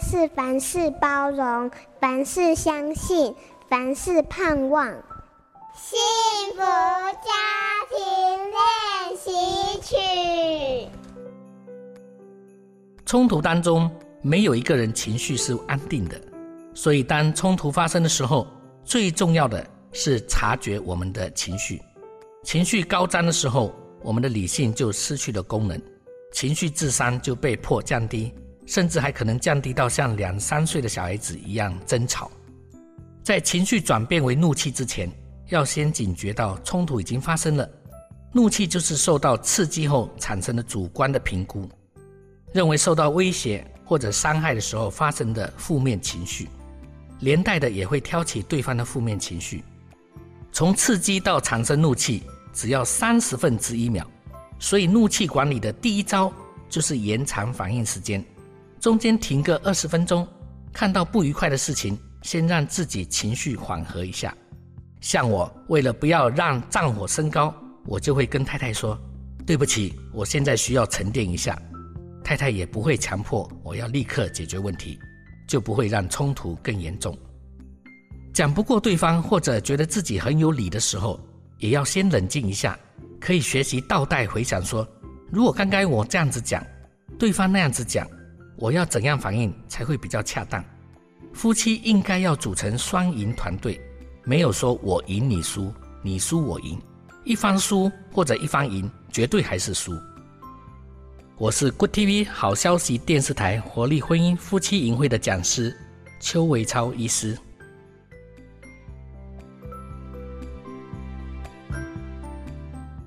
是凡事包容，凡事相信，凡事盼望。幸福家庭練習曲。衝突當中，沒有一個人情緒是安定的，所以當衝突發生的時候，最重要的是察覺我們的情緒。情緒高漲的時候，我們的理性就失去了功能，情緒智商就被迫降低。甚至還可能降低到像兩三歲的小孩子一樣爭吵。在情緒轉變為怒氣之前，要先警覺到衝突已經發生了。怒氣就是受到刺激後產生的主觀的評估，認為受到威脅或者傷害的時候發生的負面情緒，連帶的也會挑起對方的負面情緒。從刺激到產生怒氣，只要三十分之一秒。所以，怒氣管理的第一招就是延長反應時間。中間停個二十分鐘，看到不愉快的事情，先讓自己情緒緩和一下。像我為了不要讓戰火升高，我就會跟太太說：“對不起，我現在需要沉澱一下。”太太也不會強迫我要立刻解決問題，就不會讓衝突更嚴重。講不過對方或者覺得自己很有理的時候，也要先冷靜一下，可以學習倒帶回想說：“如果剛剛我這樣子講，對方那樣子講。”我要怎樣反應才會比較恰當？夫妻應該要組成雙贏團隊，沒有說我贏你輸，你輸我贏，一方輸或者一方贏，絕對還是輸。我是 Good TV 好消息電視台活力婚姻夫妻營會的講師邱維超醫師。